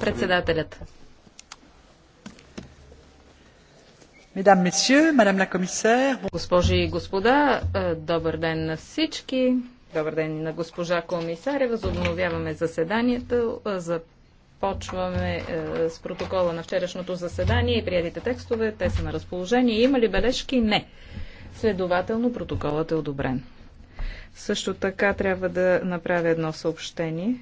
Председателят. Госпожи и господа, е, добър ден на всички. Добър ден на госпожа комисаря. Възобновяваме заседанието. Е, започваме е, с протокола на вчерашното заседание и приятите текстове. Те са на разположение. Има ли бележки? Не. Следователно протоколът е одобрен. Също така трябва да направя едно съобщение.